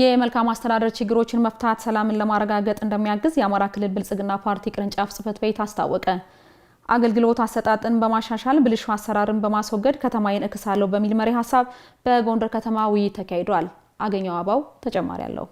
የመልካም አስተዳደር ችግሮችን መፍታት ሰላምን ለማረጋገጥ እንደሚያግዝ የአማራ ክልል ብልጽግና ፓርቲ ቅርንጫፍ ጽህፈት ቤት አስታወቀ። አገልግሎት አሰጣጥን በማሻሻል ብልሹ አሰራርን በማስወገድ ከተማዬን እክሳለሁ በሚል መሪ ሀሳብ በጎንደር ከተማ ውይይት ተካሂዷል። አገኘው አባው ተጨማሪ አለው።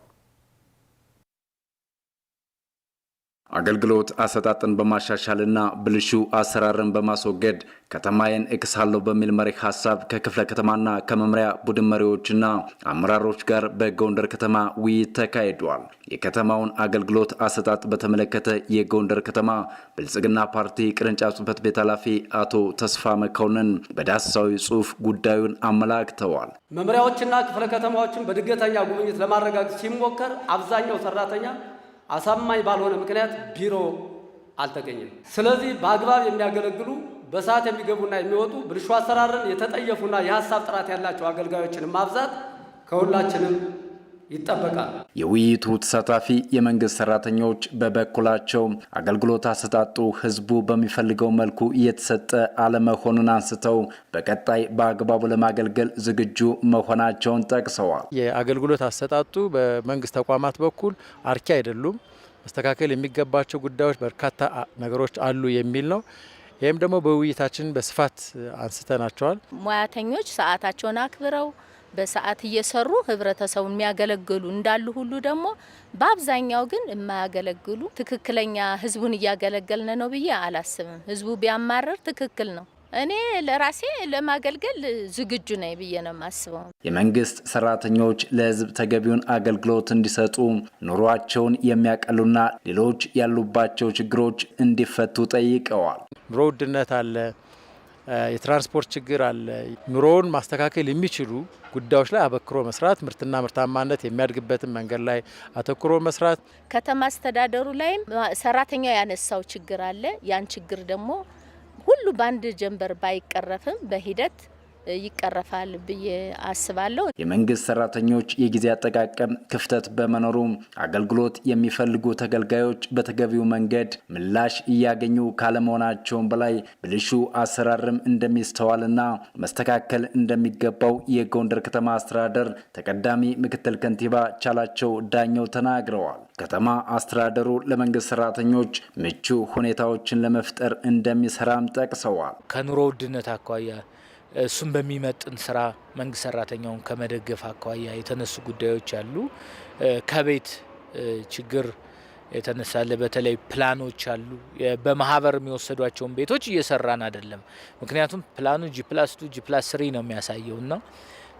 አገልግሎት አሰጣጥን በማሻሻልና ብልሹ አሰራርን በማስወገድ ከተማዬን እክሳለሁ በሚል መሪ ሀሳብ ከክፍለ ከተማና ከመምሪያ ቡድን መሪዎችና አመራሮች ጋር በጎንደር ከተማ ውይይት ተካሂዷል። የከተማውን አገልግሎት አሰጣጥ በተመለከተ የጎንደር ከተማ ብልጽግና ፓርቲ ቅርንጫፍ ጽፈት ቤት ኃላፊ አቶ ተስፋ መኮንን በዳሳዊ ጽሑፍ ጉዳዩን አመላክተዋል። መምሪያዎችና ክፍለ ከተማዎችን በድገተኛ ጉብኝት ለማረጋገጥ ሲሞከር አብዛኛው ሰራተኛ አሳማኝ ባልሆነ ምክንያት ቢሮ አልተገኘም። ስለዚህ በአግባብ የሚያገለግሉ በሰዓት የሚገቡና የሚወጡ ብልሹ አሰራርን የተጠየፉና የሀሳብ ጥራት ያላቸው አገልጋዮችን ማብዛት ከሁላችንም ይጠበቃል። የውይይቱ ተሳታፊ የመንግስት ሰራተኞች በበኩላቸው አገልግሎት አሰጣጡ ህዝቡ በሚፈልገው መልኩ እየተሰጠ አለመሆኑን አንስተው በቀጣይ በአግባቡ ለማገልገል ዝግጁ መሆናቸውን ጠቅሰዋል። የአገልግሎት አሰጣጡ በመንግስት ተቋማት በኩል አርኪ አይደሉም፣ መስተካከል የሚገባቸው ጉዳዮች በርካታ ነገሮች አሉ የሚል ነው። ይህም ደግሞ በውይይታችን በስፋት አንስተናቸዋል። ሙያተኞች ሰዓታቸውን አክብረው በሰዓት እየሰሩ ህብረተሰቡን የሚያገለግሉ እንዳሉ ሁሉ ደግሞ በአብዛኛው ግን የማያገለግሉ ትክክለኛ ህዝቡን እያገለገልን ነው ብዬ አላስብም። ህዝቡ ቢያማረር ትክክል ነው። እኔ ለራሴ ለማገልገል ዝግጁ ነኝ ብዬ ነው የማስበው። የመንግስት ሰራተኞች ለህዝብ ተገቢውን አገልግሎት እንዲሰጡ ኑሯቸውን የሚያቀሉና ሌሎች ያሉባቸው ችግሮች እንዲፈቱ ጠይቀዋል። ኑሮ ውድነት አለ የትራንስፖርት ችግር አለ። ኑሮውን ማስተካከል የሚችሉ ጉዳዮች ላይ አበክሮ መስራት፣ ምርትና ምርታማነት የሚያድግበትን መንገድ ላይ አተኩሮ መስራት፣ ከተማ አስተዳደሩ ላይም ሰራተኛው ያነሳው ችግር አለ። ያን ችግር ደግሞ ሁሉ በአንድ ጀንበር ባይቀረፍም በሂደት ይቀረፋል ብዬ አስባለሁ። የመንግስት ሰራተኞች የጊዜ አጠቃቀም ክፍተት በመኖሩ አገልግሎት የሚፈልጉ ተገልጋዮች በተገቢው መንገድ ምላሽ እያገኙ ካለመሆናቸውም በላይ ብልሹ አሰራርም እንደሚስተዋልና መስተካከል እንደሚገባው የጎንደር ከተማ አስተዳደር ተቀዳሚ ምክትል ከንቲባ ቻላቸው ዳኘው ተናግረዋል። ከተማ አስተዳደሩ ለመንግስት ሰራተኞች ምቹ ሁኔታዎችን ለመፍጠር እንደሚሰራም ጠቅሰዋል። ከኑሮ ውድነት አኳያ እሱን በሚመጥን ስራ መንግስት ሰራተኛውን ከመደገፍ አኳያ የተነሱ ጉዳዮች አሉ። ከቤት ችግር የተነሳለ በተለይ ፕላኖች አሉ። በማህበር የሚወሰዷቸውን ቤቶች እየሰራን አይደለም። ምክንያቱም ፕላኑ ጂፕላስ ቱ ጂፕላስ ስሪ ነው የሚያሳየው እና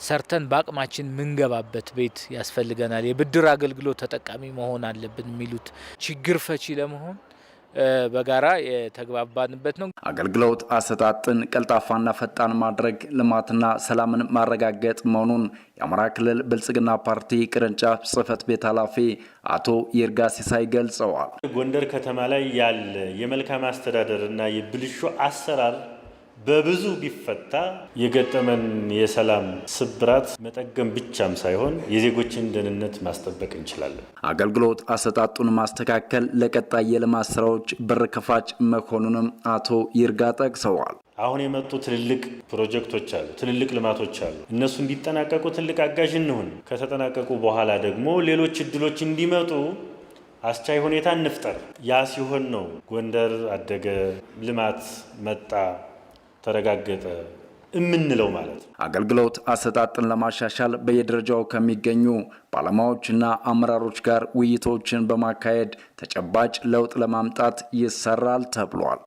ሰርተን በአቅማችን ምንገባበት ቤት ያስፈልገናል። የብድር አገልግሎት ተጠቃሚ መሆን አለብን የሚሉት ችግር ፈቺ ለመሆን በጋራ የተግባባንበት ነው። አገልግሎት አሰጣጥን ቀልጣፋና ፈጣን ማድረግ ልማትና ሰላምን ማረጋገጥ መሆኑን የአማራ ክልል ብልጽግና ፓርቲ ቅርንጫፍ ጽህፈት ቤት ኃላፊ አቶ ይርጋ ሲሳይ ገልጸዋል። ጎንደር ከተማ ላይ ያለ የመልካም አስተዳደር እና የብልሹ አሰራር በብዙ ቢፈታ የገጠመን የሰላም ስብራት መጠገም ብቻም ሳይሆን የዜጎችን ደህንነት ማስጠበቅ እንችላለን። አገልግሎት አሰጣጡን ማስተካከል ለቀጣይ የልማት ስራዎች በር ከፋጭ መሆኑንም አቶ ይርጋ ጠቅሰዋል። አሁን የመጡ ትልልቅ ፕሮጀክቶች አሉ፣ ትልልቅ ልማቶች አሉ። እነሱ እንዲጠናቀቁ ትልቅ አጋዥ እንሁን። ከተጠናቀቁ በኋላ ደግሞ ሌሎች እድሎች እንዲመጡ አስቻይ ሁኔታ እንፍጠር። ያ ሲሆን ነው ጎንደር አደገ፣ ልማት መጣ ተረጋገጠ የምንለው ማለት ነው። አገልግሎት አሰጣጥን ለማሻሻል በየደረጃው ከሚገኙ ባለሙያዎችና አመራሮች ጋር ውይይቶችን በማካሄድ ተጨባጭ ለውጥ ለማምጣት ይሰራል ተብሏል።